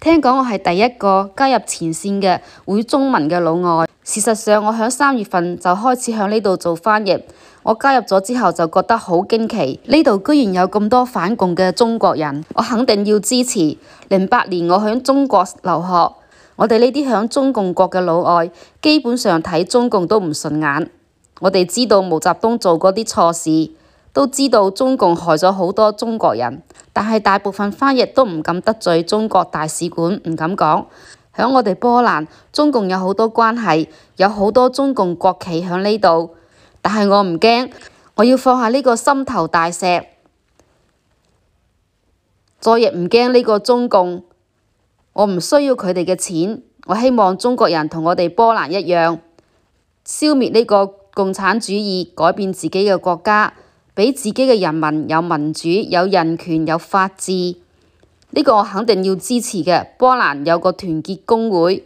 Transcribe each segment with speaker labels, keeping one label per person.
Speaker 1: 聽講我係第一個加入前線嘅會中文嘅老外。事實上，我喺三月份就開始喺呢度做翻譯。我加入咗之後就覺得好驚奇，呢度居然有咁多反共嘅中國人。我肯定要支持。零八年我喺中國留學，我哋呢啲喺中共國嘅老外，基本上睇中共都唔順眼。我哋知道毛澤東做過啲錯事。都知道中共害咗好多中國人，但係大部分翻譯都唔敢得罪中國大使館，唔敢講。響我哋波蘭，中共有好多關係，有好多中共國企響呢度，但係我唔驚，我要放下呢個心頭大石，再亦唔驚呢個中共。我唔需要佢哋嘅錢，我希望中國人同我哋波蘭一樣，消滅呢個共產主義，改變自己嘅國家。俾自己嘅人民有民主、有人權、有法治，呢個我肯定要支持嘅。波蘭有個團結工會，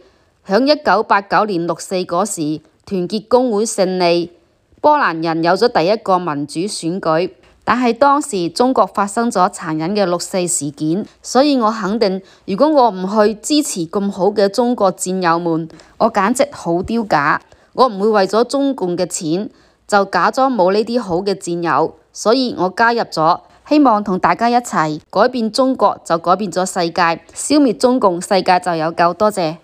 Speaker 1: 響一九八九年六四嗰時，團結工會勝利，波蘭人有咗第一個民主選舉。但係當時中國發生咗殘忍嘅六四事件，所以我肯定，如果我唔去支持咁好嘅中國戰友們，我簡直好丟架。我唔會為咗中共嘅錢，就假裝冇呢啲好嘅戰友。所以我加入咗，希望同大家一齊改變中國，就改變咗世界，消滅中共，世界就有救。多謝。